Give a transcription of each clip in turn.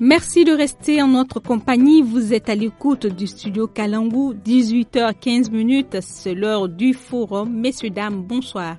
Merci de rester en notre compagnie. Vous êtes à l'écoute du studio Kalangou, 18h15 minutes. C'est l'heure du forum. Messieurs, dames, bonsoir.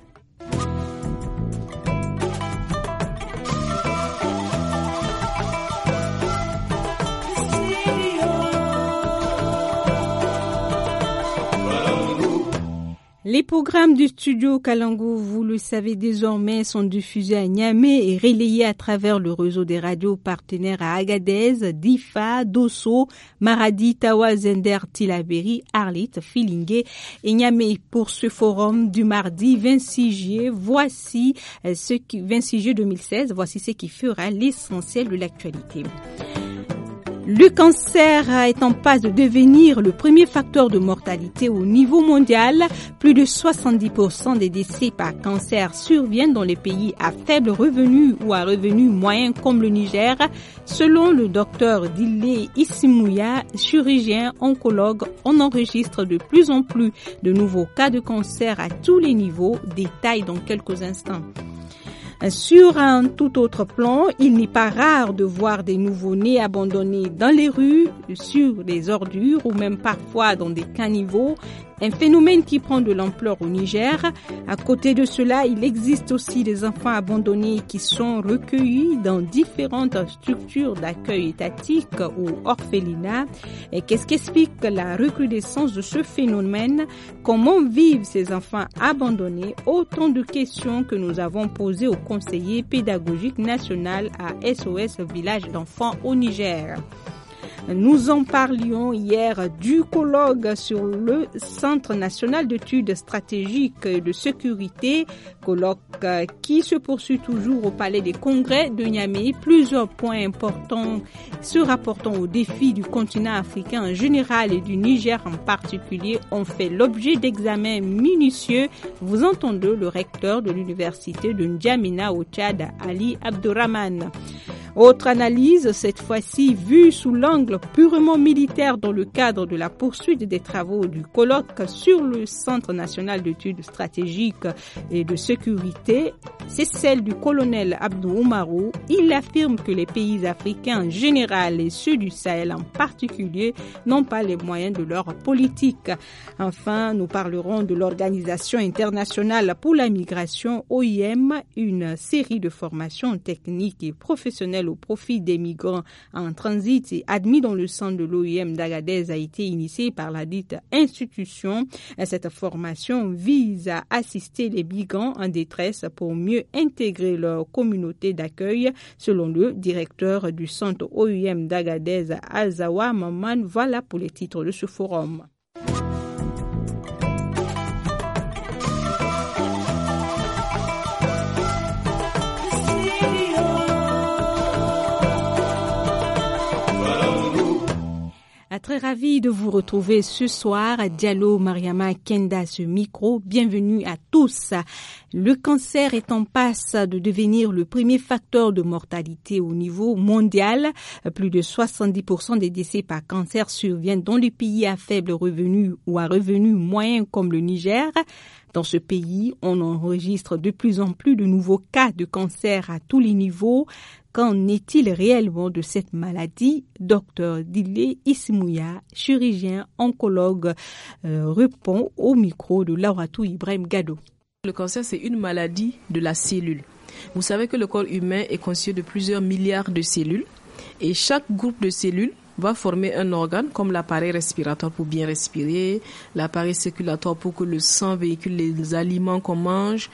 Les programmes du studio Kalango, vous le savez désormais, sont diffusés à Niamey et relayés à travers le réseau des radios partenaires à Agadez, Difa, Dosso, Maradi, Tawa, Zender, Tilaberi, Arlit, Filingue et Niamey. Pour ce forum du mardi 26 juillet, voici euh, ce qui, 26 juillet 2016, voici ce qui fera l'essentiel de l'actualité. Le cancer est en passe de devenir le premier facteur de mortalité au niveau mondial. Plus de 70% des décès par cancer surviennent dans les pays à faible revenu ou à revenu moyen comme le Niger, selon le docteur Dile Isimouya, chirurgien oncologue. On enregistre de plus en plus de nouveaux cas de cancer à tous les niveaux, détail dans quelques instants. Sur un tout autre plan, il n'est pas rare de voir des nouveaux nés abandonnés dans les rues, sur les ordures ou même parfois dans des caniveaux, un phénomène qui prend de l'ampleur au Niger. À côté de cela, il existe aussi des enfants abandonnés qui sont recueillis dans différentes structures d'accueil étatique ou orphelinat. Et qu'est-ce qu'explique la recrudescence de ce phénomène Comment vivent ces enfants abandonnés Autant de questions que nous avons posées au conseiller pédagogique national à SOS Village d'enfants au Niger. Nous en parlions hier du colloque sur le Centre national d'études stratégiques de sécurité, colloque qui se poursuit toujours au Palais des Congrès de Niamey. Plusieurs points importants se rapportant aux défis du continent africain en général et du Niger en particulier ont fait l'objet d'examens minutieux. Vous entendez le recteur de l'université de N'Djamena au Tchad, Ali Abdurrahman. Autre analyse, cette fois-ci vue sous l'angle purement militaire dans le cadre de la poursuite des travaux du colloque sur le Centre national d'études stratégiques et de sécurité c'est celle du colonel Abdou Oumarou. Il affirme que les pays africains en général et ceux du Sahel en particulier n'ont pas les moyens de leur politique. Enfin, nous parlerons de l'Organisation internationale pour la migration OIM, une série de formations techniques et professionnelles au profit des migrants en transit et admis dans le centre de l'OIM d'Agadez a été initiée par la dite institution. Cette formation vise à assister les migrants en détresse pour mieux intégrer leur communauté d'accueil. Selon le directeur du centre OUM d'Agadez, Azawa Maman, voilà pour les titres de ce forum. Très ravi de vous retrouver ce soir. Diallo Mariama Kenda, ce micro. Bienvenue à tous. Le cancer est en passe de devenir le premier facteur de mortalité au niveau mondial. Plus de 70% des décès par cancer surviennent dans les pays à faible revenu ou à revenu moyen comme le Niger. Dans ce pays, on enregistre de plus en plus de nouveaux cas de cancer à tous les niveaux. Qu'en est-il réellement de cette maladie Docteur Dile Ismouya, chirurgien oncologue, euh, répond au micro de Lauratou Ibrahim Gado. Le cancer, c'est une maladie de la cellule. Vous savez que le corps humain est constitué de plusieurs milliards de cellules et chaque groupe de cellules va former un organe comme l'appareil respiratoire pour bien respirer, l'appareil circulatoire pour que le sang véhicule les aliments qu'on mange,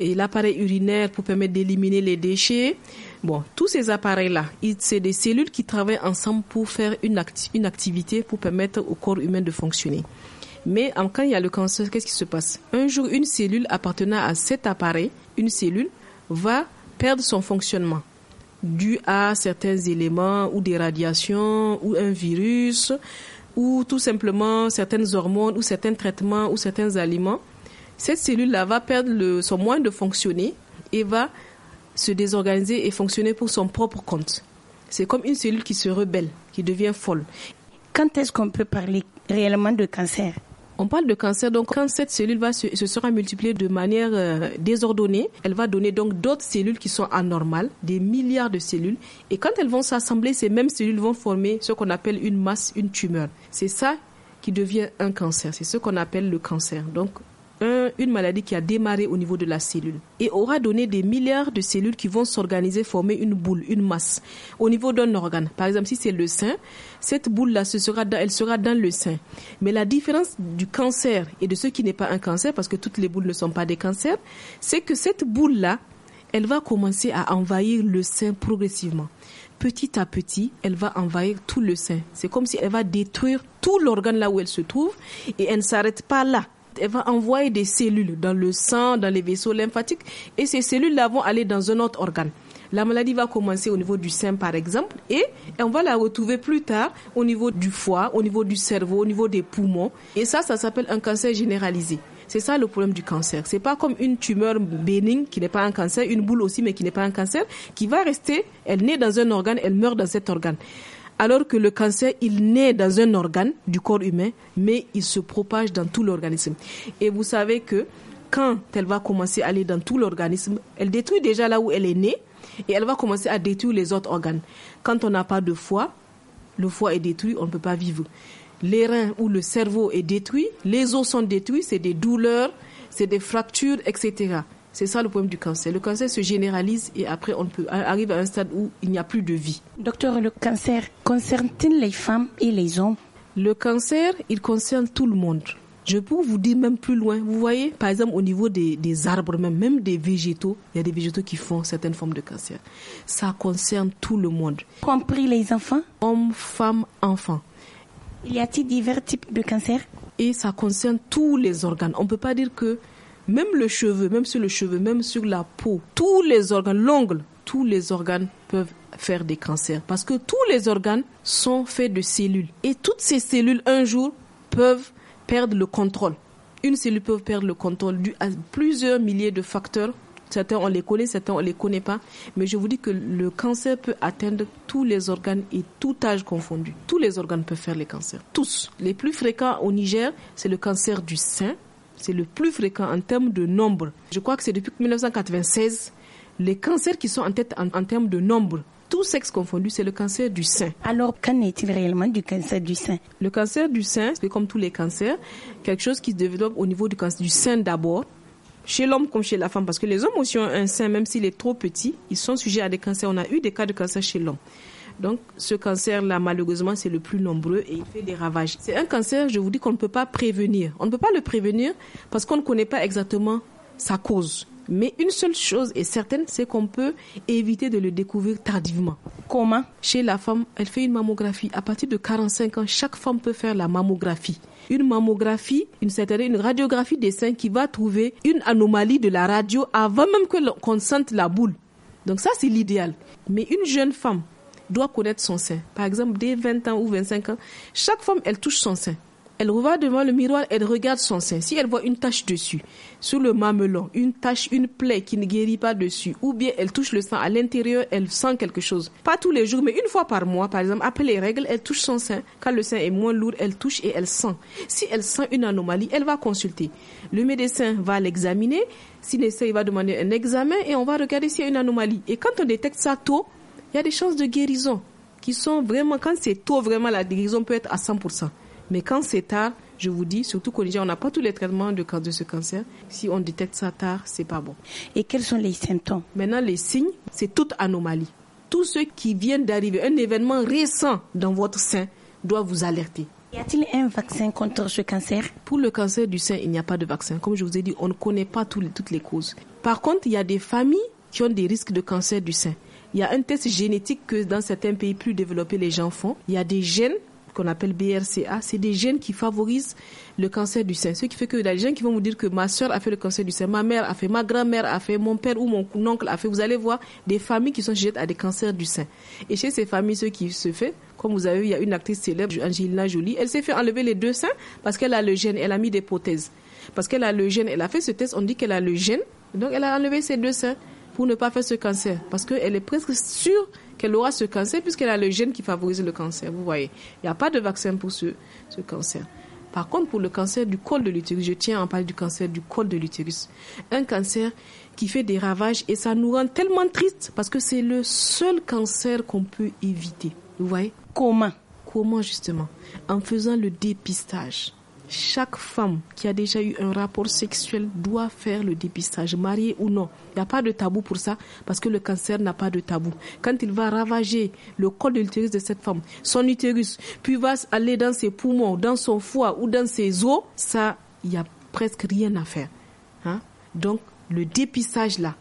et l'appareil urinaire pour permettre d'éliminer les déchets, Bon, tous ces appareils-là, c'est des cellules qui travaillent ensemble pour faire une, activité pour permettre au corps humain de fonctionner. Mais quand il y a le cancer, qu'est-ce qui se passe Un jour, une cellule appartenant à cet appareil, une cellule, va perdre son fonctionnement dû à certains éléments ou des radiations ou un virus ou tout simplement certaines hormones ou certains traitements ou certains aliments. Cette cellule-là va perdre son moyen de fonctionner et va se désorganiser et fonctionner pour son propre compte. C'est comme une cellule qui se rebelle, qui devient folle. Quand est-ce qu'on peut parler réellement de cancer on parle de cancer, donc quand cette cellule va se, sera multipliée de manière euh, désordonnée, elle va donner donc d'autres cellules qui sont anormales, des milliards de cellules. Et quand elles vont s'assembler, ces mêmes cellules vont former ce qu'on appelle une masse, une tumeur. C'est ça qui devient un cancer. C'est ce qu'on appelle le cancer. Donc une maladie qui a démarré au niveau de la cellule et aura donné des milliards de cellules qui vont s'organiser, former une boule, une masse au niveau d'un organe. Par exemple, si c'est le sein, cette boule-là, elle sera dans le sein. Mais la différence du cancer et de ce qui n'est pas un cancer, parce que toutes les boules ne sont pas des cancers, c'est que cette boule-là, elle va commencer à envahir le sein progressivement. Petit à petit, elle va envahir tout le sein. C'est comme si elle va détruire tout l'organe là où elle se trouve et elle ne s'arrête pas là elle va envoyer des cellules dans le sang, dans les vaisseaux lymphatiques, et ces cellules-là vont aller dans un autre organe. La maladie va commencer au niveau du sein, par exemple, et on va la retrouver plus tard au niveau du foie, au niveau du cerveau, au niveau des poumons. Et ça, ça s'appelle un cancer généralisé. C'est ça le problème du cancer. C'est pas comme une tumeur bénigne qui n'est pas un cancer, une boule aussi mais qui n'est pas un cancer, qui va rester, elle naît dans un organe, elle meurt dans cet organe alors que le cancer, il naît dans un organe du corps humain, mais il se propage dans tout l'organisme. Et vous savez que quand elle va commencer à aller dans tout l'organisme, elle détruit déjà là où elle est née et elle va commencer à détruire les autres organes. Quand on n'a pas de foie, le foie est détruit, on ne peut pas vivre. Les reins ou le cerveau est détruit, les os sont détruits, c'est des douleurs, c'est des fractures, etc. C'est ça le problème du cancer. Le cancer se généralise et après on peut arrive à un stade où il n'y a plus de vie. Docteur, le cancer concerne-t-il les femmes et les hommes Le cancer, il concerne tout le monde. Je peux vous dire même plus loin. Vous voyez, par exemple, au niveau des, arbres, même, même des végétaux, il y a des végétaux qui font certaines formes de cancer. Ça concerne tout le monde. Compris les enfants Hommes, femmes, enfants. Il y a-t-il divers types de cancer Et ça concerne tous les organes. On ne peut pas dire que même le cheveu, même sur le cheveu, même sur la peau, tous les organes, l'ongle, tous les organes peuvent faire des cancers parce que tous les organes sont faits de cellules et toutes ces cellules un jour peuvent perdre le contrôle. Une cellule peut perdre le contrôle dû à plusieurs milliers de facteurs. Certains on les connaît, certains on les connaît pas, mais je vous dis que le cancer peut atteindre tous les organes et tout âge confondu. Tous les organes peuvent faire les cancers, tous. Les plus fréquents au Niger, c'est le cancer du sein, c'est le plus fréquent en termes de nombre. Je crois que c'est depuis 1996 les cancers qui sont en tête en, termes de nombre. Tout sexe confondu, c'est le cancer du sein. Alors, qu'en est-il réellement du cancer du sein Le cancer du sein, c'est comme tous les cancers, quelque chose qui se développe au niveau du, du sein d'abord, chez l'homme comme chez la femme, parce que les hommes aussi ont un sein, même s'il est trop petit, ils sont sujets à des cancers. On a eu des cas de cancer chez l'homme. Donc ce cancer-là, malheureusement, c'est le plus nombreux et il fait des ravages. C'est un cancer, je vous dis, qu'on ne peut pas prévenir. On ne peut pas le prévenir parce qu'on ne connaît pas exactement sa cause. Mais une seule chose est certaine, c'est qu'on peut éviter de le découvrir tardivement. Comment Chez la femme, elle fait une mammographie. À partir de 45 ans, chaque femme peut faire la mammographie. Une mammographie, une, une radiographie des seins qui va trouver une anomalie de la radio avant même qu'on sente la boule. Donc ça, c'est l'idéal. Mais une jeune femme doit connaître son sein. Par exemple, dès 20 ans ou 25 ans, chaque femme, elle touche son sein. Elle revient devant le miroir, elle regarde son sein. Si elle voit une tache dessus, sur le mamelon, une tache, une plaie qui ne guérit pas dessus, ou bien elle touche le sein à l'intérieur, elle sent quelque chose. Pas tous les jours, mais une fois par mois, par exemple, après les règles, elle touche son sein. Quand le sein est moins lourd, elle touche et elle sent. Si elle sent une anomalie, elle va consulter. Le médecin va l'examiner. Si nécessaire, il va demander un examen et on va regarder s'il y a une anomalie. Et quand on détecte ça tôt, il y a des chances de guérison qui sont vraiment, quand c'est tôt, vraiment la guérison peut être à 100%. Mais quand c'est tard, je vous dis, surtout qu'on on n'a pas tous les traitements de, de ce cancer. Si on détecte ça tard, c'est pas bon. Et quels sont les symptômes Maintenant, les signes, c'est toute anomalie. Tous ceux qui viennent d'arriver, un événement récent dans votre sein doit vous alerter. Y a-t-il un vaccin contre ce cancer Pour le cancer du sein, il n'y a pas de vaccin. Comme je vous ai dit, on ne connaît pas toutes les causes. Par contre, il y a des familles qui ont des risques de cancer du sein. Il y a un test génétique que dans certains pays plus développés, les gens font. Il y a des gènes qu'on appelle BRCA, c'est des gènes qui favorisent le cancer du sein. Ce qui fait que des gens qui vont vous dire que ma soeur a fait le cancer du sein, ma mère a fait, ma grand-mère a fait, mon père ou mon oncle a fait, vous allez voir des familles qui sont sujettes à des cancers du sein. Et chez ces familles, ce qui se fait, comme vous avez vu, il y a une actrice célèbre, Angelina Jolie, elle s'est fait enlever les deux seins parce qu'elle a le gène, elle a mis des prothèses. Parce qu'elle a le gène, elle a fait ce test, on dit qu'elle a le gène, donc elle a enlevé ses deux seins pour ne pas faire ce cancer. Parce qu'elle est presque sûre qu'elle aura ce cancer puisqu'elle a le gène qui favorise le cancer. Vous voyez, il n'y a pas de vaccin pour ce, ce cancer. Par contre, pour le cancer du col de l'utérus, je tiens à en parler du cancer du col de l'utérus. Un cancer qui fait des ravages et ça nous rend tellement tristes parce que c'est le seul cancer qu'on peut éviter. Vous voyez Comment Comment justement En faisant le dépistage chaque femme qui a déjà eu un rapport sexuel doit faire le dépistage, mariée ou non. Il n'y a pas de tabou pour ça parce que le cancer n'a pas de tabou. Quand il va ravager le col de l'utérus de cette femme, son utérus, puis va aller dans ses poumons, dans son foie ou dans ses os, ça, il n'y a presque rien à faire. Hein. Donc, le dépistage là,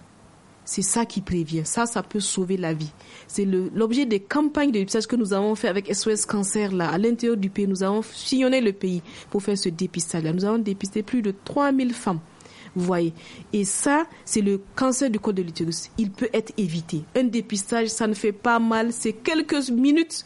c'est ça qui prévient. Ça, ça peut sauver la vie. C'est l'objet des campagnes de dépistage que nous avons fait avec SOS Cancer, là, à l'intérieur du pays. Nous avons sillonné le pays pour faire ce dépistage-là. Nous avons dépisté plus de 3000 femmes. Vous voyez. Et ça, c'est le cancer du col de l'utérus. Il peut être évité. Un dépistage, ça ne fait pas mal. C'est quelques minutes.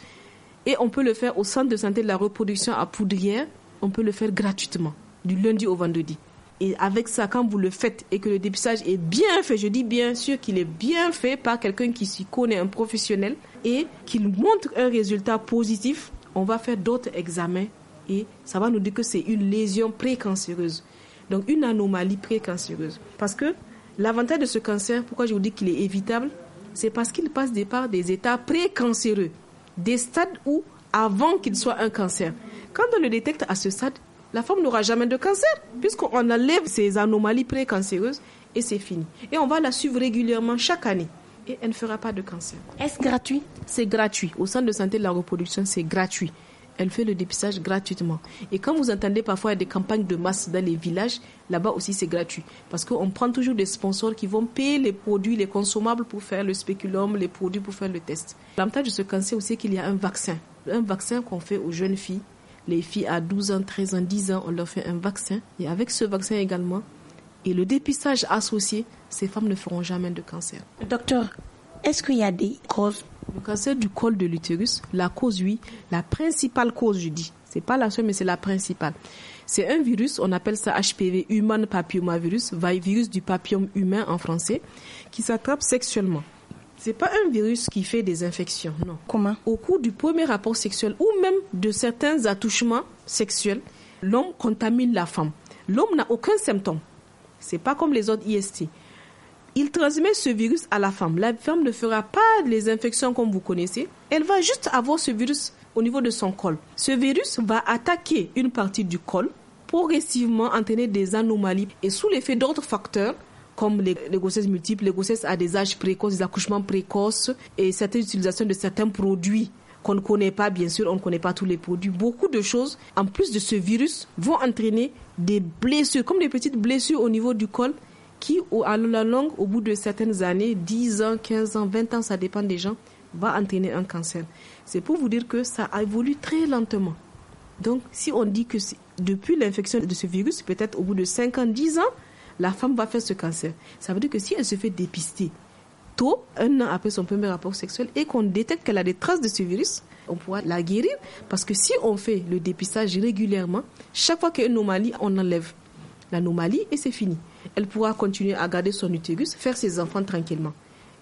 Et on peut le faire au centre de santé de la reproduction à Poudrière. On peut le faire gratuitement, du lundi au vendredi. Et avec ça, quand vous le faites et que le dépistage est bien fait, je dis bien sûr qu'il est bien fait par quelqu'un qui s'y connaît, un professionnel, et qu'il montre un résultat positif, on va faire d'autres examens et ça va nous dire que c'est une lésion précancéreuse. Donc une anomalie précancéreuse. Parce que l'avantage de ce cancer, pourquoi je vous dis qu'il est évitable, c'est parce qu'il passe des par des états précancéreux, des stades où avant qu'il soit un cancer. Quand on le détecte à ce stade, la femme n'aura jamais de cancer, puisqu'on enlève ces anomalies précancéreuses et c'est fini. Et on va la suivre régulièrement chaque année et elle ne fera pas de cancer. Est-ce gratuit C'est gratuit. Au centre de santé de la reproduction, c'est gratuit. Elle fait le dépistage gratuitement. Et quand vous entendez parfois des campagnes de masse dans les villages, là-bas aussi c'est gratuit. Parce qu'on prend toujours des sponsors qui vont payer les produits, les consommables pour faire le spéculum, les produits pour faire le test. L'avantage de ce cancer aussi, c'est qu'il y a un vaccin. Un vaccin qu'on fait aux jeunes filles les filles à 12 ans, 13 ans, 10 ans, on leur fait un vaccin. Et avec ce vaccin également, et le dépistage associé, ces femmes ne feront jamais de cancer. Docteur, est-ce qu'il y a des causes Le cancer du col de l'utérus, la cause, oui, la principale cause, je dis. C'est pas la seule, mais c'est la principale. C'est un virus, on appelle ça HPV, Human Papillomavirus, virus du papillome humain en français, qui s'attrape sexuellement. C'est pas un virus qui fait des infections, non. Comment Au cours du premier rapport sexuel ou même de certains attouchements sexuels, l'homme contamine la femme. L'homme n'a aucun symptôme. C'est pas comme les autres IST. Il transmet ce virus à la femme. La femme ne fera pas les infections comme vous connaissez. Elle va juste avoir ce virus au niveau de son col. Ce virus va attaquer une partie du col, progressivement entraîner des anomalies et sous l'effet d'autres facteurs, comme les, grossesses multiples, les grossesses à des âges précoces, des accouchements précoces et certaines utilisations de certains produits qu'on ne connaît pas, bien sûr, on ne connaît pas tous les produits. Beaucoup de choses, en plus de ce virus, vont entraîner des blessures, comme des petites blessures au niveau du col, qui, à la longue, au bout de certaines années, 10 ans, 15 ans, 20 ans, ça dépend des gens, va entraîner un cancer. C'est pour vous dire que ça évolue très lentement. Donc, si on dit que depuis l'infection de ce virus, peut-être au bout de 5 ans, 10 ans, la femme va faire ce cancer. Ça veut dire que si elle se fait dépister tôt, un an après son premier rapport sexuel, et qu'on détecte qu'elle a des traces de ce virus, on pourra la guérir. Parce que si on fait le dépistage régulièrement, chaque fois qu'il y a une anomalie, on enlève l'anomalie et c'est fini. Elle pourra continuer à garder son utérus, faire ses enfants tranquillement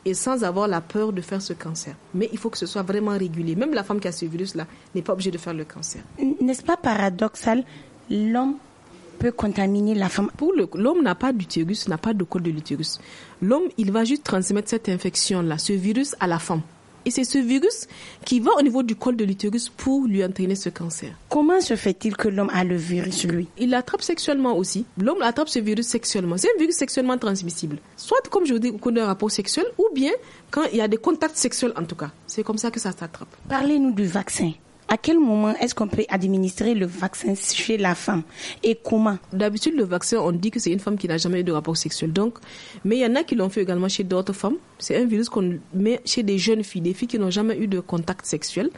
et sans avoir la peur de faire ce cancer. Mais il faut que ce soit vraiment régulé. Même la femme qui a ce virus-là n'est pas obligée de faire le cancer. N'est-ce pas paradoxal L'homme contaminer la femme. Pour l'homme n'a pas d'utérus, n'a pas de col de l'utérus. L'homme, il va juste transmettre cette infection-là, ce virus à la femme. Et c'est ce virus qui va au niveau du col de l'utérus pour lui entraîner ce cancer. Comment se fait-il que l'homme a le virus, lui Il l'attrape sexuellement aussi. L'homme attrape ce virus sexuellement. C'est un virus sexuellement transmissible. Soit, comme je vous dis, au cours d'un rapport sexuel, ou bien quand il y a des contacts sexuels, en tout cas. C'est comme ça que ça s'attrape. Parlez-nous du vaccin. À quel moment est-ce qu'on peut administrer le vaccin chez la femme et comment D'habitude, le vaccin, on dit que c'est une femme qui n'a jamais eu de rapport sexuel. Donc, mais il y en a qui l'ont fait également chez d'autres femmes. C'est un virus qu'on met chez des jeunes filles, des filles qui n'ont jamais eu de contact sexuel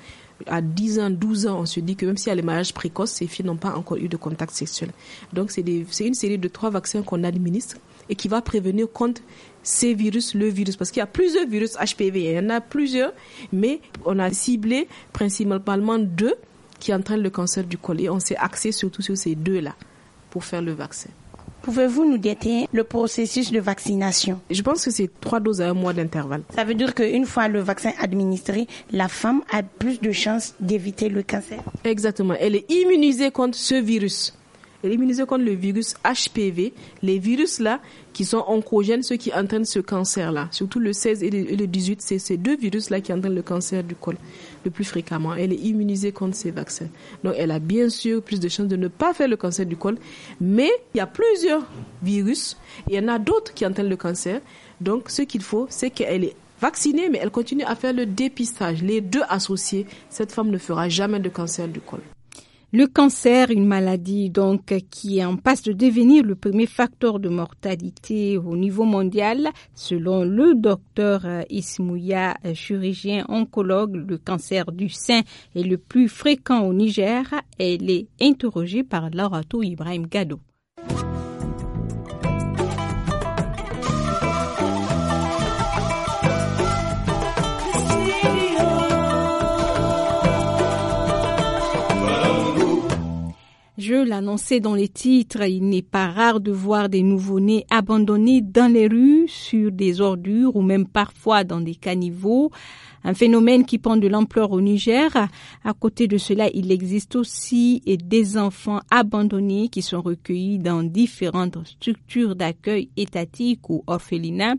à 10 ans, 12 ans, on se dit que même si a les mariages précoce, ces filles n'ont pas encore eu de contact sexuel. Donc, c'est une série de trois vaccins qu'on administre et qui va prévenir contre ces virus, le virus, parce qu'il y a plusieurs virus HPV, il y en a plusieurs, mais on a ciblé principalement deux qui entraînent le cancer du col et on s'est axé surtout sur ces deux-là pour faire le vaccin. Pouvez-vous nous détailler le processus de vaccination Je pense que c'est trois doses à un mois d'intervalle. Ça veut dire qu'une fois le vaccin administré, la femme a plus de chances d'éviter le cancer Exactement. Elle est immunisée contre ce virus. Elle est immunisée contre le virus HPV, les virus là qui sont oncogènes, ceux qui entraînent ce cancer là. Surtout le 16 et le 18, c'est ces deux virus là qui entraînent le cancer du col le plus fréquemment. Elle est immunisée contre ces vaccins. Donc elle a bien sûr plus de chances de ne pas faire le cancer du col, mais il y a plusieurs virus, il y en a d'autres qui entraînent le cancer. Donc ce qu'il faut, c'est qu'elle est vaccinée, mais elle continue à faire le dépistage. Les deux associés, cette femme ne fera jamais de cancer du col. Le cancer, une maladie donc qui est en passe de devenir le premier facteur de mortalité au niveau mondial, selon le docteur euh, Ismouya, euh, chirurgien oncologue, le cancer du sein est le plus fréquent au Niger. Elle est interrogée par l'orato Ibrahim Gado. Je l'annonçais dans les titres, il n'est pas rare de voir des nouveau-nés abandonnés dans les rues, sur des ordures ou même parfois dans des caniveaux, un phénomène qui prend de l'ampleur au Niger. À côté de cela, il existe aussi des enfants abandonnés qui sont recueillis dans différentes structures d'accueil étatiques ou orphelinats.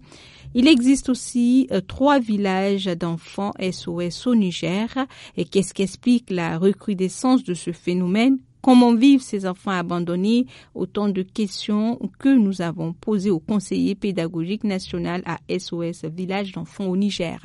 Il existe aussi euh, trois villages d'enfants SOS au Niger. Et qu'est-ce qu'explique la recrudescence de ce phénomène Comment vivent ces enfants abandonnés Autant de questions que nous avons posées au conseiller pédagogique national à SOS Village d'enfants au Niger.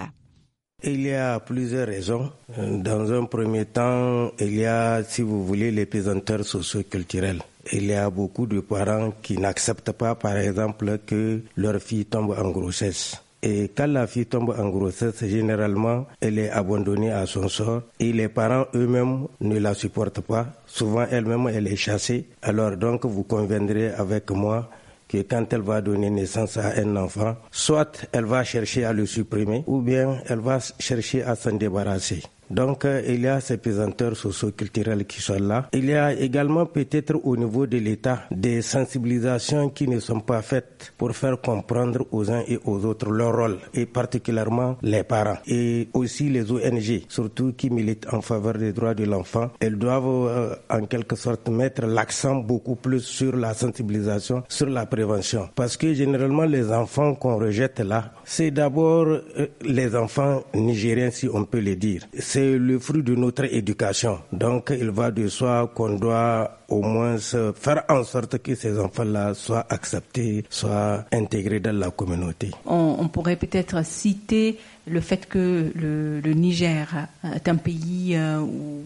Il y a plusieurs raisons. Dans un premier temps, il y a, si vous voulez, les pesanteurs socioculturels. Il y a beaucoup de parents qui n'acceptent pas, par exemple, que leur fille tombe en grossesse et quand la fille tombe en grossesse, généralement, elle est abandonnée à son sort et les parents eux-mêmes ne la supportent pas. Souvent, elle-même, elle est chassée. Alors donc, vous conviendrez avec moi que quand elle va donner naissance à un enfant, soit elle va chercher à le supprimer ou bien elle va chercher à s'en débarrasser. Donc, euh, il y a ces pesanteurs socio culturels qui sont là. Il y a également peut-être au niveau de l'État des sensibilisations qui ne sont pas faites pour faire comprendre aux uns et aux autres leur rôle, et particulièrement les parents et aussi les ONG, surtout qui militent en faveur des droits de l'enfant. Elles doivent euh, en quelque sorte mettre l'accent beaucoup plus sur la sensibilisation, sur la prévention. Parce que généralement, les enfants qu'on rejette là, c'est d'abord euh, les enfants nigériens, si on peut le dire c'est le fruit de notre éducation. Donc, il va de soi qu'on doit au moins faire en sorte que ces enfants-là soient acceptés, soient intégrés dans la communauté. On, on pourrait peut-être citer le fait que le, Niger est un pays euh,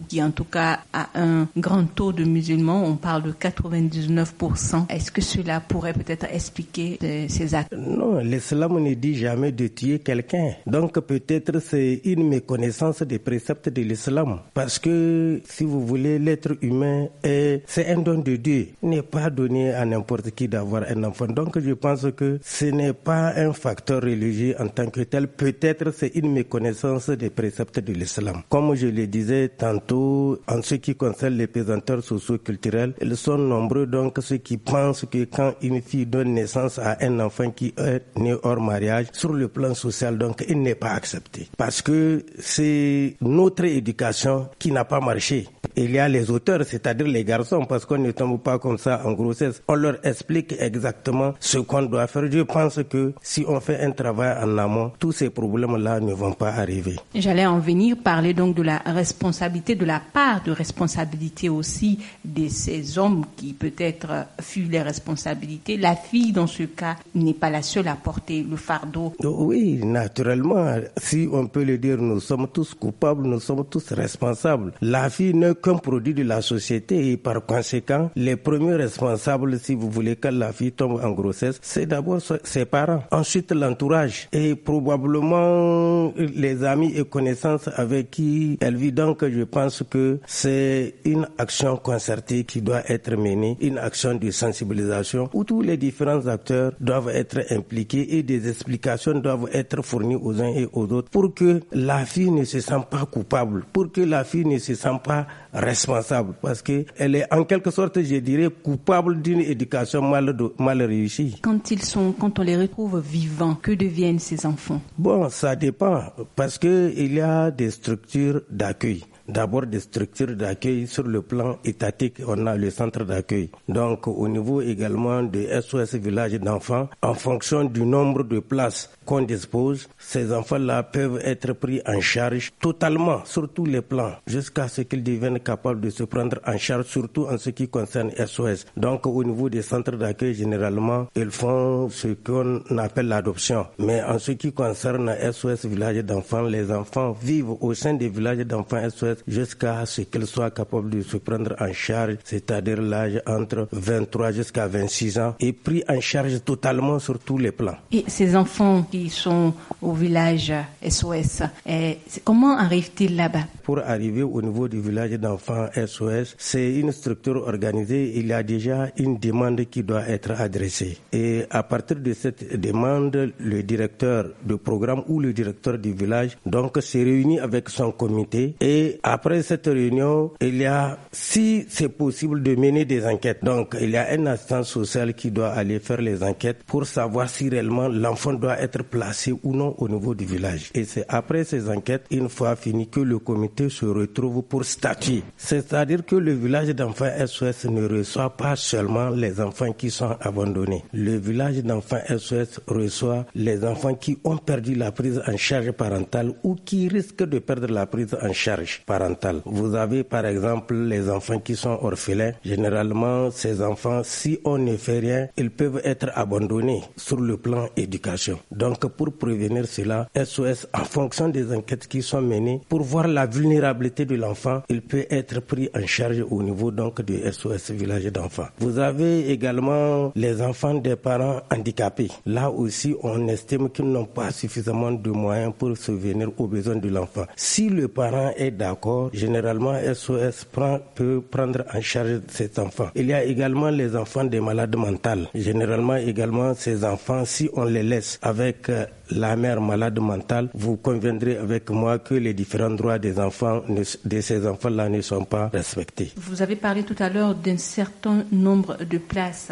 qui, en tout cas, a un grand taux de musulmans, on parle de 99%. Est-ce que cela pourrait peut-être expliquer ces actes Non, l'islam ne dit jamais de tuer quelqu'un. Donc peut-être c'est une méconnaissance des préceptes de l'islam. Parce que, si vous voulez, l'être humain, c'est un don de Dieu. Il n'est pas donné à n'importe qui d'avoir un enfant. Donc je pense que ce n'est pas un facteur religieux en tant que tel. Peut-être c'est une méconnaissance des préceptes de l'islam. Comme je le disais tantôt, en ce qui concerne les pesanteurs socio-culturels, ils sont nombreux donc ceux qui pensent que quand une fille donne naissance à un enfant qui est né hors mariage, sur le plan social donc il n'est pas accepté. Parce que c'est notre éducation qui n'a pas marché. Il y a les auteurs, c'est-à-dire les garçons, parce qu'on ne tombe pas comme ça en grossesse. On leur explique exactement ce qu'on doit faire. Je pense que si on fait un travail en amont, tous ces problèmes là ne vont pas arriver. J'allais en venir parler donc de la responsabilité, de la part de responsabilité aussi de ces hommes qui peut-être fuient les responsabilités. La fille, dans ce cas, n'est pas la seule à porter le fardeau. Oh oui, naturellement, si on peut le dire, nous sommes tous coupables, nous sommes tous responsables. La fille n'est qu'un produit de la société et par conséquent, les premiers responsables, si vous voulez, quand la fille tombe en grossesse, c'est d'abord ses parents, ensuite l'entourage et probablement les amis et connaissances avec qui elle vit. Donc, je pense que c'est une action concertée qui doit être menée, une action de sensibilisation où tous les différents acteurs doivent être impliqués et des explications doivent être fournies aux uns et aux autres pour que la fille ne se sente pas coupable, pour que la fille ne se sente pas responsable parce que elle est en quelque sorte, je dirais, coupable d'une éducation mal, mal réussie. Quand ils sont, quand on les retrouve vivants, que deviennent ces enfants? Bon, ça ça dépend parce que y a des structures d'accueil. D'abord des structures d'accueil sur le plan étatique, on a le centre d'accueil. Donc au niveau également de SOS village d'enfants, en fonction du nombre de places qu'on dispose, ces enfants-là peuvent être pris en charge totalement sur tous les plans jusqu'à ce qu'ils deviennent capables de se prendre en charge, surtout en ce qui concerne SOS. Donc au niveau des centres d'accueil, généralement, ils font ce qu'on appelle l'adoption. Mais en ce qui concerne SOS village d'enfants, les enfants vivent au sein des villages d'enfants SOS jusqu'à ce qu'ils soient capables de se prendre en charge, c'est-à-dire l'âge entre 23 jusqu'à 26 ans, et pris en charge totalement sur tous les plans. Et ces enfants qui sont au village SOS. Et comment arrivent-ils là-bas Pour arriver au niveau du village d'enfants SOS, c'est une structure organisée. Il y a déjà une demande qui doit être adressée. Et à partir de cette demande, le directeur du programme ou le directeur du village donc se réunit avec son comité. Et après cette réunion, il y a, si c'est possible, de mener des enquêtes. Donc, il y a un instance social qui doit aller faire les enquêtes pour savoir si réellement l'enfant doit être placés ou non au niveau du village. Et c'est après ces enquêtes, une fois fini, que le comité se retrouve pour statuer. C'est-à-dire que le village d'enfants SOS ne reçoit pas seulement les enfants qui sont abandonnés. Le village d'enfants SOS reçoit les enfants qui ont perdu la prise en charge parentale ou qui risquent de perdre la prise en charge parentale. Vous avez par exemple les enfants qui sont orphelins. Généralement, ces enfants, si on ne fait rien, ils peuvent être abandonnés sur le plan éducation. Donc donc pour prévenir cela, SOS, en fonction des enquêtes qui sont menées, pour voir la vulnérabilité de l'enfant, il peut être pris en charge au niveau donc du SOS Village d'enfants. Vous avez également les enfants des parents handicapés. Là aussi, on estime qu'ils n'ont pas suffisamment de moyens pour venir aux besoins de l'enfant. Si le parent est d'accord, généralement SOS prend, peut prendre en charge cet enfant. Il y a également les enfants des malades mentales. Généralement également ces enfants, si on les laisse avec que la mère malade mentale, vous conviendrez avec moi que les différents droits des enfants, de ces enfants-là ne sont pas respectés. Vous avez parlé tout à l'heure d'un certain nombre de places.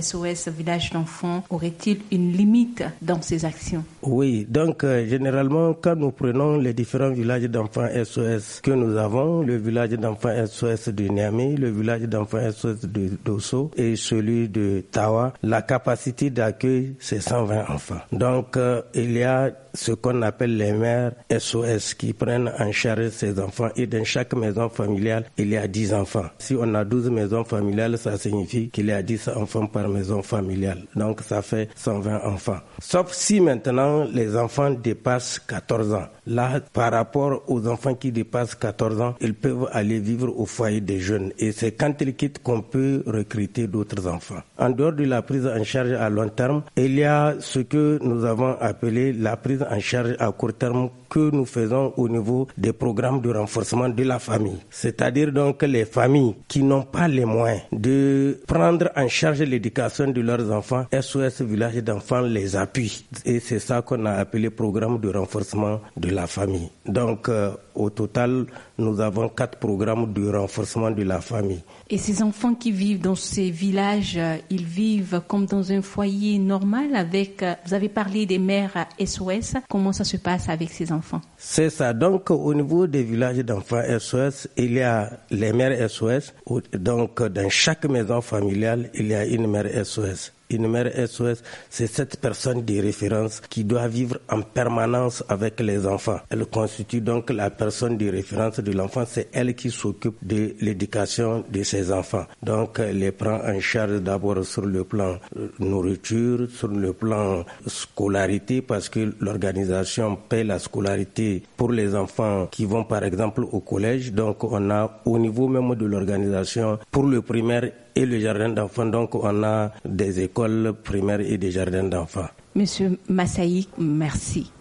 SOS eh, Village d'enfants, aurait-il une limite dans ces actions Oui, donc euh, généralement, quand nous prenons les différents villages d'enfants SOS que nous avons, le village d'enfants SOS de Niamey, le village d'enfants SOS de Dosso et celui de Tawa, la capacité d'accueil, c'est 120 enfants. Donc, euh, il y a ce qu'on appelle les mères SOS qui prennent en charge ces enfants et dans chaque maison familiale, il y a 10 enfants. Si on a 12 maisons familiales, ça signifie qu'il y a 10 enfants par maison familiale. Donc ça fait 120 enfants. Sauf si maintenant les enfants dépassent 14 ans. Là, par rapport aux enfants qui dépassent 14 ans, ils peuvent aller vivre au foyer des jeunes. Et c'est quand ils quittent qu'on peut recruter d'autres enfants. En dehors de la prise en charge à long terme, il y a ce que nous avons appelé la prise en charge à court terme que nous faisons au niveau des programmes de renforcement de la famille. C'est-à-dire donc les familles qui n'ont pas les moyens de prendre en charge l'éducation de leurs enfants, SOS Village d'enfants les appuie. Et c'est ça qu'on a appelé programme de renforcement de la famille. Donc euh, au total, nous avons quatre programmes de renforcement de la famille. Et ces enfants qui vivent dans ces villages, euh, ils vivent comme dans un foyer normal avec, euh, vous avez parlé des mères SOS, comment ça se passe avec ces enfants C'est ça, donc au niveau des villages d'enfants SOS, il y a les mères SOS, donc dans chaque maison familiale, il y a une mère SOS une mère SOS, c'est cette personne de référence qui doit vivre en permanence avec les enfants. Elle constitue donc la personne de référence de l'enfant. C'est elle qui s'occupe de l'éducation de ses enfants. Donc, elle les prend en charge d'abord sur le plan euh, nourriture, sur le plan scolarité, parce que l'organisation paie la scolarité pour les enfants qui vont, par exemple, au collège. Donc, on a au niveau même de l'organisation, pour le primaire, et le jardin d'enfants. Donc, on a des écoles primaires et des jardins d'enfants. Monsieur massaï merci.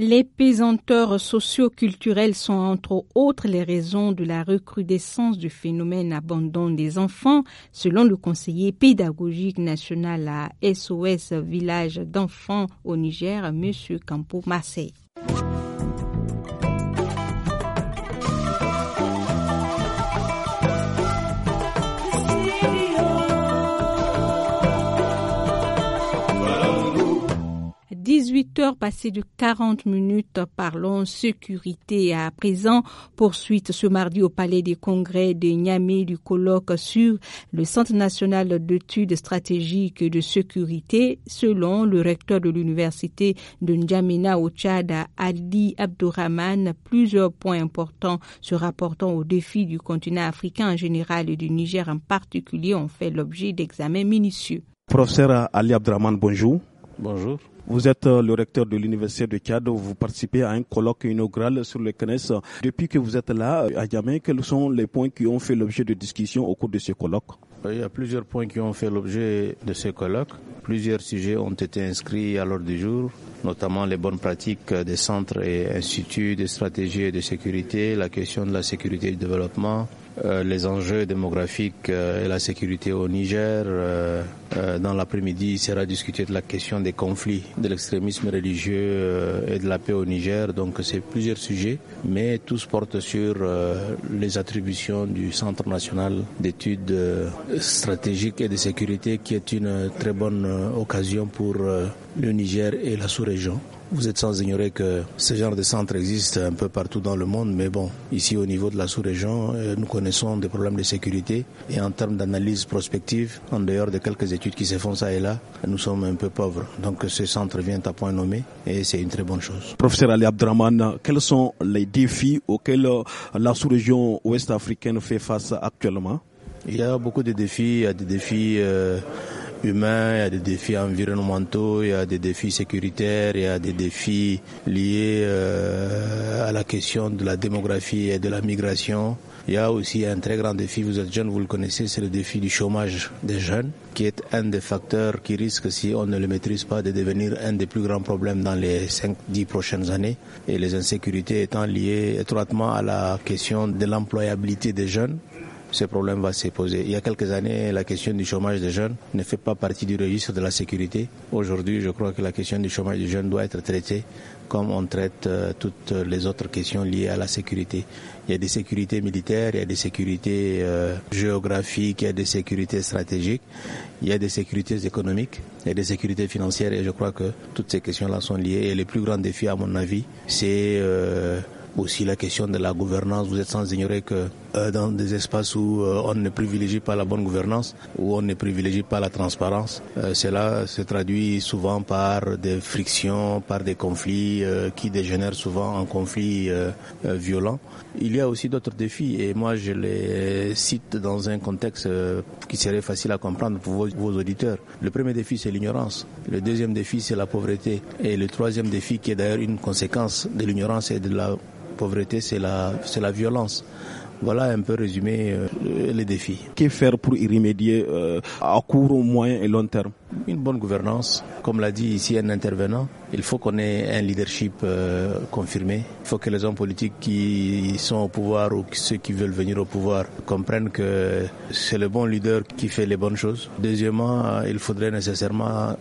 Les pesanteurs socio-culturelles sont entre autres les raisons de la recrudescence du phénomène abandon des enfants, selon le conseiller pédagogique national à SOS Village d'enfants au Niger, monsieur Campo Marseille. 18 heures passées de 40 minutes. Parlons sécurité à présent. Poursuite ce mardi au Palais des Congrès de Niamey du colloque sur le Centre national d'études stratégiques de sécurité. Selon le recteur de l'université de N'Djamena au Tchad, Ali Abdourahman, plusieurs points importants se rapportant aux défis du continent africain en général et du Niger en particulier ont fait l'objet d'examens minutieux. Professeur Ali Abdraman, bonjour. Bonjour. Vous êtes euh, le recteur de l'Université de Tchad. Vous participez à un colloque inaugural sur le CNES. Depuis que vous êtes là, euh, à Yamé, quels sont les points qui ont fait l'objet de discussions au cours de ce colloque euh, Il y a plusieurs points qui ont fait l'objet de ce colloque. Plusieurs sujets ont été inscrits à l'ordre du jour, notamment les bonnes pratiques des centres et instituts de stratégie et de sécurité, la question de la sécurité et du développement, euh, les enjeux démographiques euh, et la sécurité au Niger. Euh, dans l'après-midi, il sera discuté de la question des conflits, de l'extrémisme religieux et de la paix au Niger. Donc c'est plusieurs sujets, mais tous portent sur les attributions du Centre national d'études stratégiques et de sécurité qui est une très bonne occasion pour le Niger et la sous-région vous êtes sans ignorer que ce genre de centre existe un peu partout dans le monde, mais bon, ici au niveau de la sous-région, euh, nous connaissons des problèmes de sécurité et en termes d'analyse prospective, en dehors de quelques études qui se font ça et là, nous sommes un peu pauvres. Donc ce centre vient à point nommé et c'est une très bonne chose. Professeur Ali Abdraman, quels sont les défis auxquels euh, la sous-région ouest africaine fait face actuellement Il y a beaucoup de défis, il y a des défis... Euh, humains, il y a des défis environnementaux, il y a des défis sécuritaires, il y a des défis liés euh, à la question de la démographie et de la migration. Il y a aussi un très grand défi, vous êtes jeune, vous le connaissez, c'est le défi du chômage des jeunes, qui est un des facteurs qui risque, si on ne le maîtrise pas, de devenir un des plus grands problèmes dans les 5-10 prochaines années. Et les insécurités étant liées étroitement à la question de l'employabilité des jeunes, ce problème va se poser. Il y a quelques années, la question du chômage des jeunes ne fait pas partie du registre de la sécurité. Aujourd'hui, je crois que la question du chômage des jeunes doit être traitée comme on traite euh, toutes les autres questions liées à la sécurité. Il y a des sécurités militaires, il y a des sécurités euh, géographiques, il y a des sécurités stratégiques, il y a des sécurités économiques, il y a des sécurités financières et je crois que toutes ces questions-là sont liées. Et le plus grand défi, à mon avis, c'est euh, aussi la question de la gouvernance. Vous êtes sans ignorer que euh, dans des espaces où euh, on ne privilégie pas la bonne gouvernance, où on ne privilégie pas la transparence. Euh, cela se traduit souvent par des frictions, par des conflits qui dégénèrent souvent en conflits violents. Il y a aussi d'autres défis et moi je les cite dans un contexte qui serait facile à comprendre pour vos, auditeurs. Le premier défi c'est l'ignorance, le deuxième défi c'est la pauvreté et le troisième défi qui est d'ailleurs une conséquence de l'ignorance et de la pauvreté c'est la violence. Voilà un peu résumé euh, les défis. Que faire pour y remédier euh, à court, moyen et long terme Une bonne gouvernance. Comme l'a dit ici un intervenant, il faut qu'on ait un leadership euh, confirmé. Il faut que les hommes politiques qui sont au pouvoir ou ceux qui veulent venir au pouvoir comprennent que c'est le bon leader qui fait les bonnes choses. Deuxièmement, il faudrait nécessairement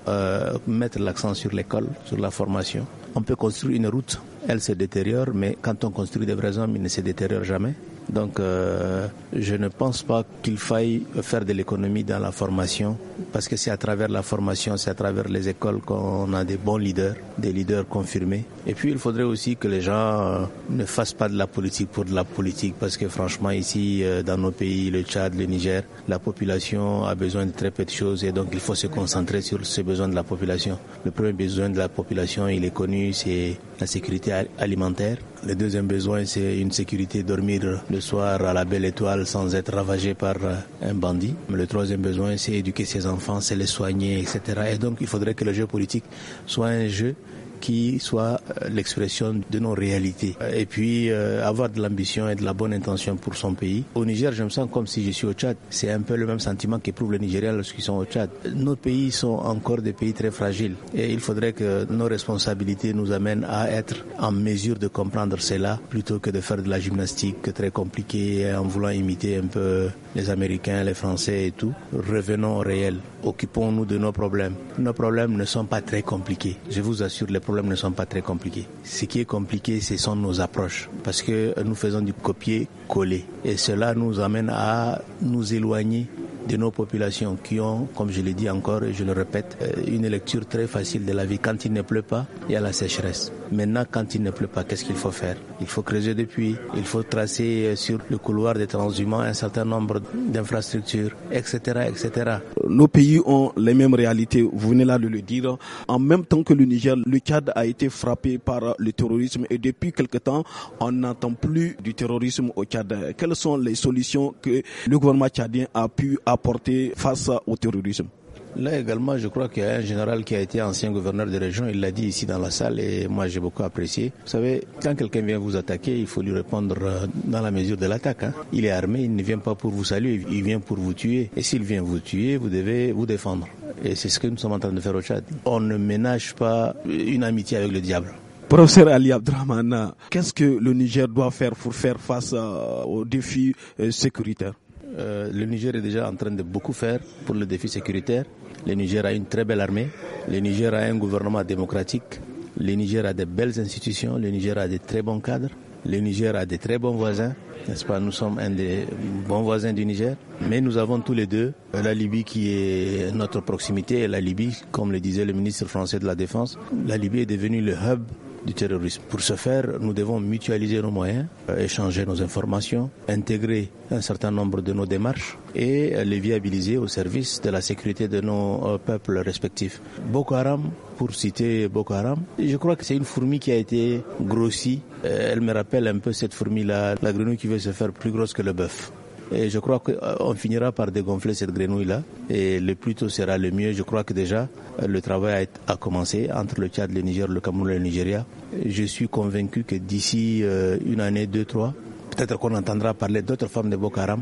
mettre l'accent sur l'école, sur la formation. On peut construire une route, elle se détériore, mais quand on construit des vrais hommes, ils ne se détériorent jamais. Donc euh, je ne pense pas qu'il faille faire de l'économie dans la formation, parce que c'est à travers la formation, c'est à travers les écoles qu'on a des bons leaders, des leaders confirmés. Et puis il faudrait aussi que les gens euh, ne fassent pas de la politique pour de la politique, parce que franchement ici, euh, dans nos pays, le Tchad, le Niger, la population a besoin de très peu de choses et donc il faut se concentrer sur ces besoins de la population. Le premier besoin de la population, il est connu, c'est la sécurité alimentaire. Le deuxième besoin, c'est une sécurité, dormir le soir à la belle étoile sans être ravagé par euh, un bandit. Le troisième besoin, c'est éduquer ses enfants, c'est les soigner, etc. Et donc, il faudrait que le jeu politique soit un jeu qui soit euh, l'expression de nos réalités. Et puis euh, avoir de l'ambition et de la bonne intention pour son pays. Au Niger, je me sens comme si je suis au Tchad. C'est un peu le même sentiment qu'éprouvent les Nigériens lorsqu'ils sont au Tchad. Nos pays sont encore des pays très fragiles et il faudrait que nos responsabilités nous amènent à être en mesure de comprendre cela plutôt que de faire de la gymnastique très compliquée en voulant imiter un peu les Américains, les Français et tout. Revenons au réel. Occupons-nous de nos problèmes. Nos problèmes ne sont pas très compliqués. Je vous assure, les les problèmes ne sont pas très compliqués. Ce qui est compliqué, ce sont nos approches, parce que nous faisons du copier-coller. Et cela nous amène à nous éloigner de nos populations qui ont, comme je l'ai dit encore et je le répète, euh, une lecture très facile de la vie. Quand il ne pleut pas, il y a la sécheresse. Maintenant, quand il ne pleut pas, qu'est-ce qu'il faut faire Il faut creuser des puits, il faut tracer euh, sur le couloir des transhumants un certain nombre d'infrastructures, etc., etc. Nos pays ont les mêmes réalités, vous venez là de le dire. En même temps que le Niger, le Tchad a été frappé par le terrorisme et depuis quelque temps, on n'entend plus du terrorisme au Tchad. Quelles sont les solutions que le gouvernement tchadien a pu apporter face au terrorisme Là également, je crois qu'il y a un général qui a été ancien gouverneur de région, il l'a dit ici dans la salle et moi j'ai beaucoup apprécié. Vous savez, quand quelqu'un vient vous attaquer, il faut lui répondre euh, dans la mesure de l'attaque. Hein. Il est armé, il ne vient pas pour vous saluer, il vient pour vous tuer. Et s'il vient vous tuer, vous devez vous défendre. Et c'est ce que nous sommes en train de faire au Tchad. On ne ménage pas une amitié avec le diable. Professeur Ali Abdrahman, qu'est-ce que le Niger doit faire pour faire face euh, aux défis euh, sécuritaires euh, le Niger est déjà en train de beaucoup faire pour le défi sécuritaire. Le Niger a une très belle armée. Le Niger a un gouvernement démocratique. Le Niger a de belles institutions. Le Niger a de très bons cadres. Le Niger a de très bons voisins. N'est-ce pas Nous sommes un des bons voisins du Niger. Mais nous avons tous les deux la Libye qui est notre proximité et la Libye, comme le disait le ministre français de la Défense, la Libye est devenue le hub du terrorisme. Pour ce faire, nous devons mutualiser nos moyens, euh, échanger nos informations, intégrer un certain nombre de nos démarches et les viabiliser au service de la sécurité de nos euh, peuples respectifs. Boko Haram, pour citer Boko Haram, je crois que c'est une fourmi qui a été grossie. Euh, elle me rappelle un peu cette fourmi-là, la grenouille qui veut se faire plus grosse que le bœuf. Et je crois qu'on euh, finira par dégonfler cette grenouille-là. Et le plus tôt sera le mieux. Je crois que déjà, euh, le travail a, commencé entre le Tchad, le Niger, le Cameroun et le Nigeria. Je suis convaincu que d'ici euh, une année, deux, trois, Peut-être qu'on entendra parler d'autres formes de Boko Haram,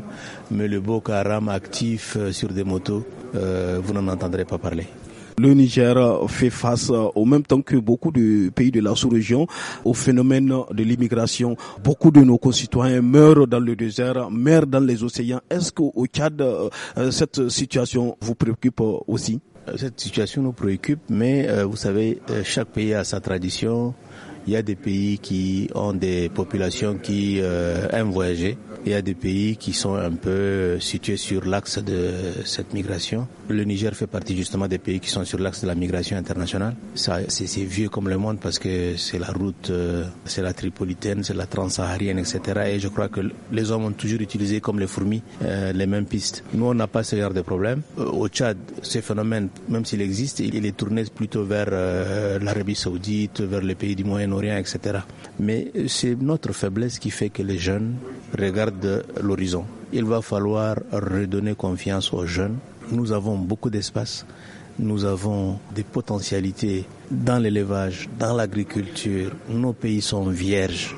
mais le Boko Haram actif sur des motos, vous n'en entendrez pas parler le Niger fait face, au même temps que beaucoup de pays de la sous-région, au phénomène de l'immigration. Beaucoup de nos concitoyens meurent dans le désert, meurent dans les océans. Est-ce qu'au Tchad, euh, cette situation vous préoccupe aussi Cette situation nous préoccupe, mais euh, vous savez, euh, chaque pays a sa tradition, il y a des pays qui ont des populations qui euh, aiment voyager. Il y a des pays qui sont un peu euh, situés sur l'axe de cette migration. Le Niger fait partie justement des pays qui sont sur l'axe de la migration internationale. Ça, c'est, vieux comme le monde parce que c'est la route, euh, c'est la tripolitaine, c'est la transsaharienne, etc. Et je crois que les hommes ont toujours utilisé comme les fourmis euh, les mêmes pistes. Nous, on n'a pas ce genre de problème. Au Tchad, ce phénomène, même s'il existe, il est tourné plutôt vers l'Arabie saoudite, vers les pays du Moyen-Orient etc. Mais c'est notre faiblesse qui fait que les jeunes regardent l'horizon. Il va falloir redonner confiance aux jeunes. Nous avons beaucoup d'espace. Nous avons des potentialités dans l'élevage, dans l'agriculture. Nos pays sont vierges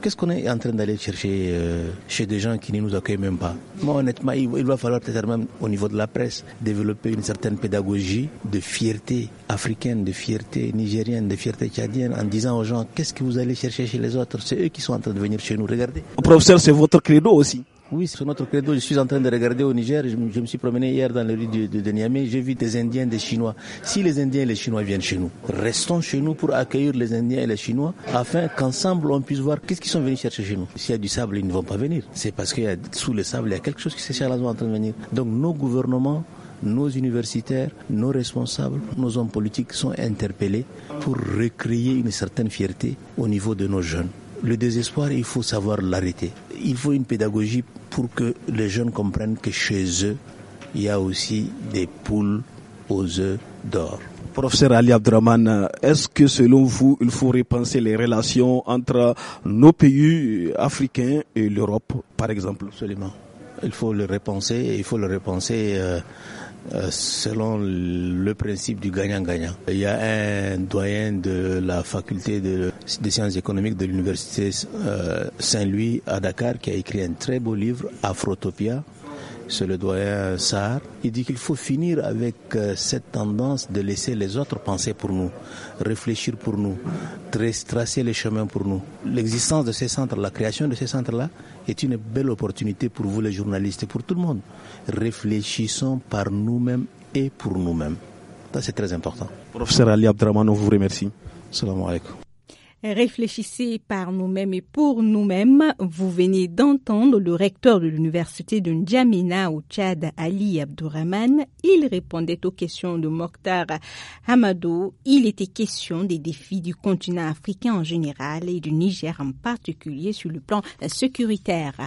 Qu'est-ce qu'on est en train d'aller chercher euh, chez des gens qui ne nous accueillent même pas Moi, honnêtement, il, va falloir peut-être même au niveau de la presse développer une certaine pédagogie de fierté africaine, de fierté nigérienne, de fierté tchadienne en disant aux gens qu'est-ce que vous allez chercher chez les autres C'est eux qui sont en train de venir chez nous. Regardez. Professeur, c'est votre credo aussi. Oui, sur notre credo, je suis en train de regarder au Niger. Je, me suis promené hier dans les rues de, Niamey. J'ai vu des Indiens, des Chinois. Si les Indiens et les Chinois viennent chez nous, restons chez nous pour accueillir les Indiens et les Chinois afin qu'ensemble on puisse voir qu'est-ce qu'ils sont venus chercher chez nous. S'il y a du sable, ils ne vont pas venir. C'est parce qu'il y a sous le sable, il y a quelque chose qui là-bas en train de venir. Donc nos gouvernements nos universitaires, nos responsables, nos hommes politiques sont interpellés pour recréer une certaine fierté au niveau de nos jeunes. Le désespoir, il faut savoir l'arrêter. Il faut une pédagogie pour que les jeunes comprennent que chez eux, il y a aussi des poules aux œufs d'or. Professeur Ali Abdraman, est-ce que selon vous, il faut repenser les relations entre nos pays africains et l'Europe, par exemple Absolument. Il faut le repenser, il faut le repenser. Euh, euh, selon le principe du gagnant-gagnant. Il y a un doyen de la faculté de, sciences économiques de l'université euh, Saint-Louis à Dakar qui a écrit un très beau livre, Afrotopia. C'est le doyen Sahar. Il dit qu'il faut finir avec euh, cette tendance de laisser les autres penser pour nous, réfléchir pour nous, tracer les chemins pour nous. L'existence de ces centres, la création de ces centres-là est une belle opportunité pour vous les journalistes et pour tout le monde réfléchissons par nous-mêmes et pour nous-mêmes. Ça, c'est très important. Professeur Ali Abdraman, on vous remercie. Salam alaikum. Réfléchissez par nous-mêmes et pour nous-mêmes. Vous venez d'entendre le recteur de l'université de N'Djamena au Tchad, Ali Abdourahman. Il répondait aux questions de Mokhtar Hamado. Il était question des défis du continent africain en général et du Niger en particulier sur le plan sécuritaire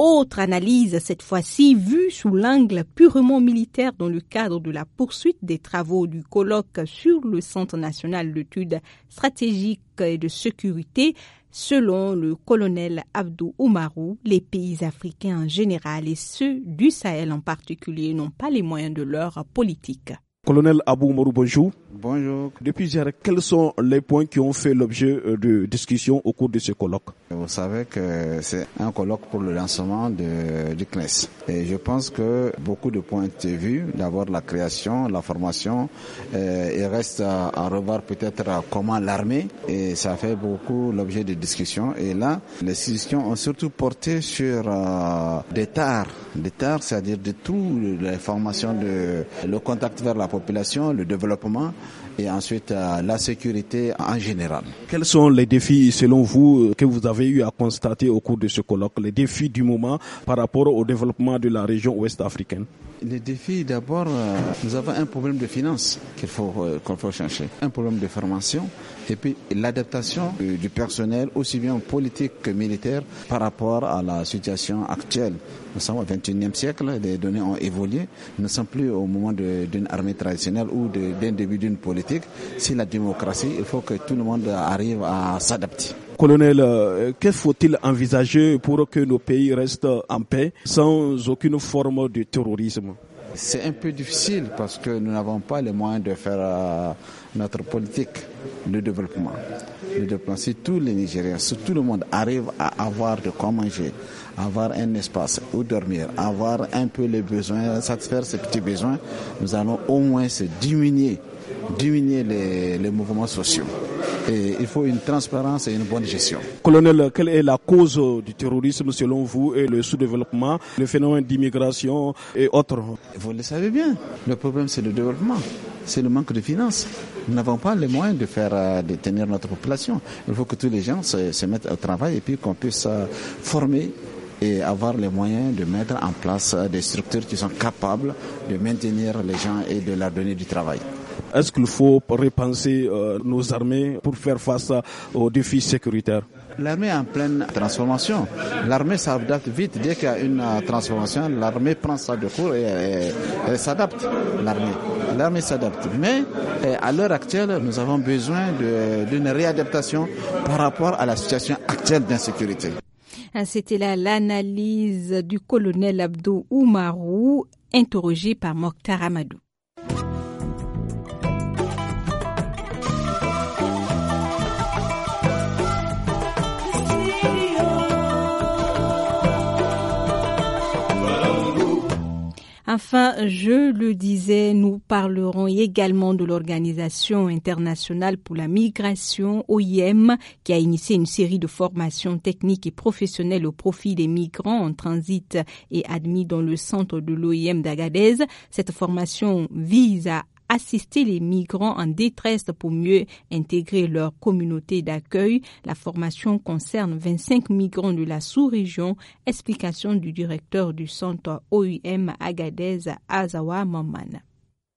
autre analyse, cette fois-ci vue sous l'angle purement militaire dans le cadre de la poursuite des travaux du colloque sur le Centre national d'études stratégiques et de sécurité. Selon le colonel Abdou Oumarou, les pays africains en général et ceux du Sahel en particulier n'ont pas les moyens de leur politique. Colonel Abou Oumarou, bonjour. Bonjour. Depuis hier, quels sont les points qui ont fait l'objet euh, de discussion au cours de ce colloque Vous savez que c'est un colloque pour le lancement de, du CNES. Et je pense que beaucoup de points été vus. D'abord la création, la formation. Euh, il reste à, revoir peut-être comment l'armée. Et ça fait beaucoup l'objet de discussion. Et là, les discussions ont surtout porté sur euh, des tares. Des tares, c'est-à-dire de tout la formation de le contact vers la population, le développement et ensuite euh, la sécurité en général. Quels sont les défis, selon vous, que vous avez eu à constater au cours de ce colloque, les défis du moment par rapport au développement de la région ouest africaine les défis d'abord, euh, nous avons un problème de finances qu'il faut, euh, qu'il faut chercher, un problème de formation et puis l'adaptation euh, du personnel, aussi bien politique que militaire, par rapport à la situation actuelle. Nous sommes au 21 XXIe siècle, les données ont évolué. Nous ne sommes plus au moment d'une armée traditionnelle ou d'un début d'une politique. C'est la démocratie, il faut que tout le monde arrive à s'adapter colonel, euh, que faut-il envisager pour que nos pays restent en paix sans aucune forme de terrorisme c'est un peu difficile parce que nous n'avons pas les moyens de faire euh, notre politique de développement. si tous les Nigériens, si tout le monde arrive à avoir de quoi manger, avoir un espace où dormir, avoir un peu les besoins, satisfaire ces petits besoins, nous allons au moins se diminuer, diminuer les mouvements sociaux il faut une transparence et une bonne gestion. Colonel, quelle est la cause du terrorisme selon vous et le sous-développement, le phénomène d'immigration et autres Vous le savez bien, le problème c'est le développement, c'est le manque de finances. Nous n'avons pas les moyens de faire euh, de tenir notre population. Il faut que tous les gens se, se mettent au travail et puis qu'on puisse euh, former et avoir les moyens de mettre en place euh, des structures qui sont capables de maintenir les gens et de leur donner du travail. Est-ce qu'il faut repenser euh, nos armées pour faire face euh, aux défis sécuritaires L'armée est en pleine transformation. L'armée s'adapte vite. Dès qu'il y a une euh, transformation, l'armée prend ça de et, s'adapte. L'armée, l'armée s'adapte. Mais à l'heure actuelle, nous avons besoin d'une réadaptation par rapport à la situation actuelle d'insécurité. Ah, c'était là l'analyse du colonel Abdou Oumarou, interrogé par Mokhtar Amadou. Enfin, je le disais, nous parlerons également de l'Organisation internationale pour la migration, OIM, qui a initié une série de formations techniques et professionnelles au profit des migrants en transit et admis dans le centre de l'OIM d'Agadez. Cette formation vise à assister les migrants en détresse pour mieux intégrer leur communauté d'accueil. La formation concerne 25 migrants de la sous-région. Explication du directeur du centre OIM Agadez Azawa Maman.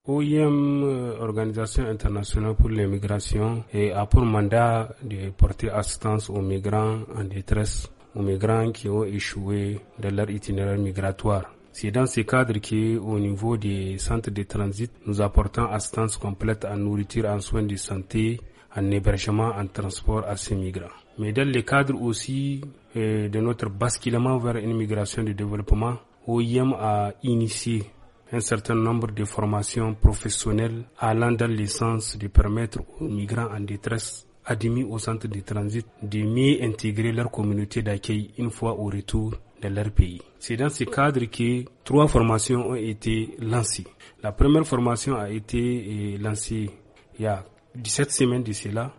OIM, euh, Organisation internationale pour l'immigration, a pour mandat de porter assistance aux migrants en détresse, aux migrants qui ont échoué dans leur itinéraire migratoire. C'est dans ce cadre que, au niveau des centres de transit, nous apportons assistance complète en nourriture, en soins de santé, en hébergement, en transport à ces migrants. Mais dans le cadre aussi euh, de notre basculement vers une migration de développement, OIM a initié un certain nombre de formations professionnelles allant dans le sens de permettre aux migrants en détresse admis au centre de transit de mieux intégrer leur communauté d'accueil une fois au retour de pays. C'est dans ce cadre que trois formations ont été lancées. La première formation a été eh, lancée il y a 17 semaines de cela.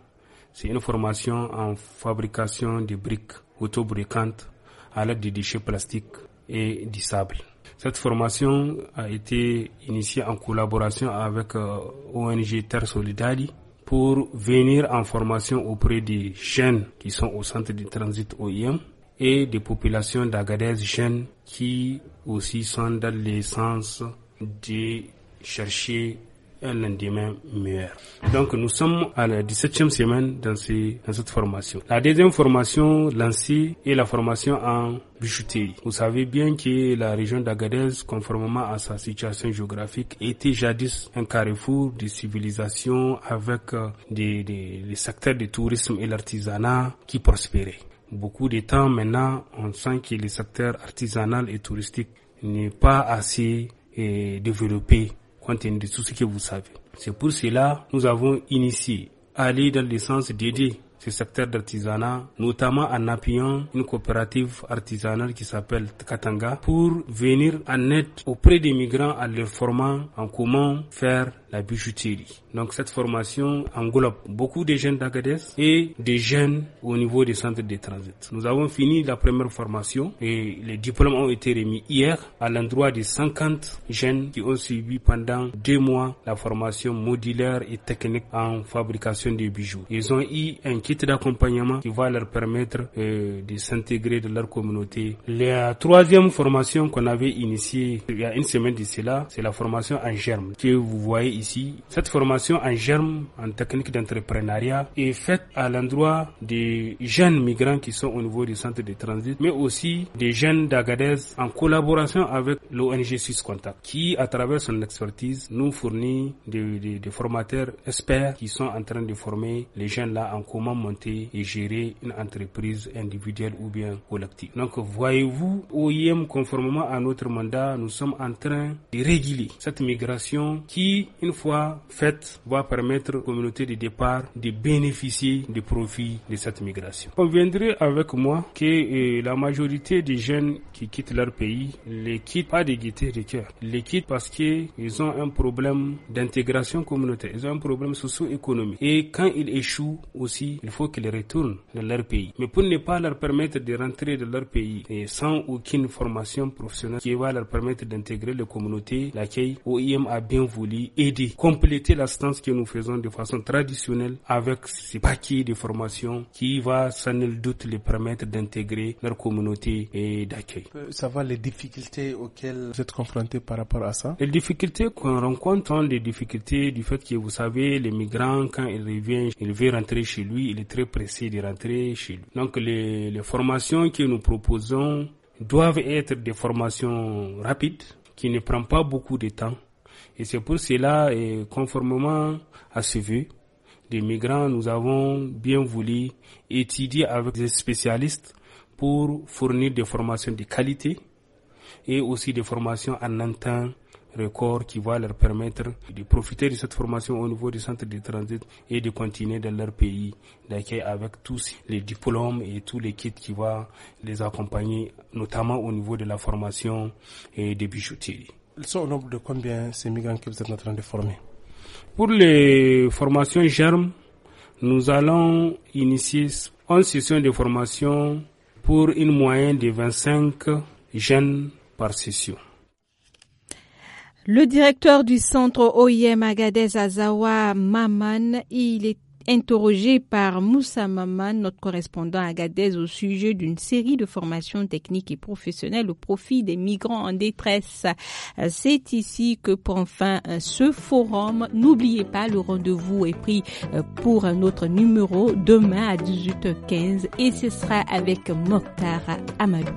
C'est une formation en fabrication de briques autobriquantes à l'aide de déchets plastiques et du sable. Cette formation a été initiée en collaboration avec euh, ONG Terre Solidarité pour venir en formation auprès des chaînes qui sont au centre de transit OIM et des populations d'Agadez jeunes qui aussi sont dans l'essence de chercher un lendemain meilleur. Donc nous sommes à la 17e semaine dans, cette formation. La deuxième formation lancée est la formation en bijouterie. Vous savez bien que la région d'Agadez, conformément à sa situation géographique, était jadis un carrefour de civilisation avec euh, des, secteurs de tourisme et l'artisanat qui prospéraient beaucoup de temps maintenant, on sent que le secteur artisanal et touristique n'est pas assez euh, développé compte tenu de tout ce que vous savez. C'est pour cela nous avons initié aller dans le sens d'aider ce secteur d'artisanat, notamment en appuyant une coopérative artisanale qui s'appelle Katanga pour venir en aide auprès des migrants en leur formant en comment faire la bijouterie. Donc cette formation englobe beaucoup de jeunes d'Agadez et des jeunes au niveau des centres de transit. Nous avons fini la première formation et les diplômes ont été remis hier à l'endroit des 50 jeunes qui ont suivi pendant deux mois la formation modulaire et technique en fabrication de bijoux. Ils ont eu un kit d'accompagnement qui va leur permettre euh, de s'intégrer dans leur communauté. La troisième formation qu'on avait initiée il y a une semaine de cela, c'est la formation en germe que vous voyez ici ici, cette formation en germe, en technique d'entrepreneuriat, est faite à l'endroit des jeunes migrants qui sont au niveau du centre de transit, mais aussi des jeunes d'Agadez en collaboration avec l'ONG Suisse Contact, qui, à travers son expertise, nous fournit des, formateurs experts qui sont en train de former les jeunes là en comment monter et gérer une entreprise individuelle ou bien collective. Donc, voyez-vous, OIM, conformément à notre mandat, nous sommes en train de réguler cette migration qui, une fois faite, va permettre aux communautés de départ de bénéficier des profits de cette migration. Conviendrez avec moi que euh, la majorité des jeunes qui quittent leur pays les quittent pas de gaieté de cœur. Les quittent parce qu'ils ont un problème d'intégration communautaire, ils ont un problème socio-économique. Et quand ils échouent aussi, il faut qu'ils retournent dans leur pays. Mais pour ne pas leur permettre de rentrer dans leur pays sans aucune formation professionnelle qui va leur permettre d'intégrer les communautés, l'accueil, OIM a bien voulu aider compléter l'assistance que nous faisons de façon traditionnelle avec ces paquets de formation qui va sans nul doute les permettre d'intégrer leur communauté et d'accueil. Euh, ça va les difficultés auxquelles vous êtes confrontés par rapport à ça Les difficultés qu'on rencontre sont les difficultés du fait que vous savez, les migrants, quand ils reviennent, ils veulent rentrer chez lui, il est très pressé de rentrer chez lui. Donc les, les formations que nous proposons doivent être des formations rapides qui ne prennent pas beaucoup de temps et c'est pour cela, et conformément à ce vœu des migrants, nous avons bien voulu étudier avec des spécialistes pour fournir des formations de qualité et aussi des formations en un temps record qui va leur permettre de profiter de cette formation au niveau du centre de transit et de continuer dans leur pays d'accueil avec tous les diplômes et tous les kits qui vont les accompagner, notamment au niveau de la formation et des bijoutiers. Ils sont au nombre de combien ces migrants que vous êtes en train de former Pour les formations germes, nous allons initier 11 sessions de formation pour une moyenne de 25 jeunes par session. Le directeur du centre OIM Agadez Azawa Maman, il est interrogé par Moussa Maman, notre correspondant à Gadez, au sujet d'une série de formations techniques et professionnelles au profit des migrants en détresse. Euh, C'est ici que prend fin euh, ce forum. N'oubliez pas, le rendez-vous est pris euh, pour un autre numéro demain à 18h15 et ce sera avec Mokhtar Amadou.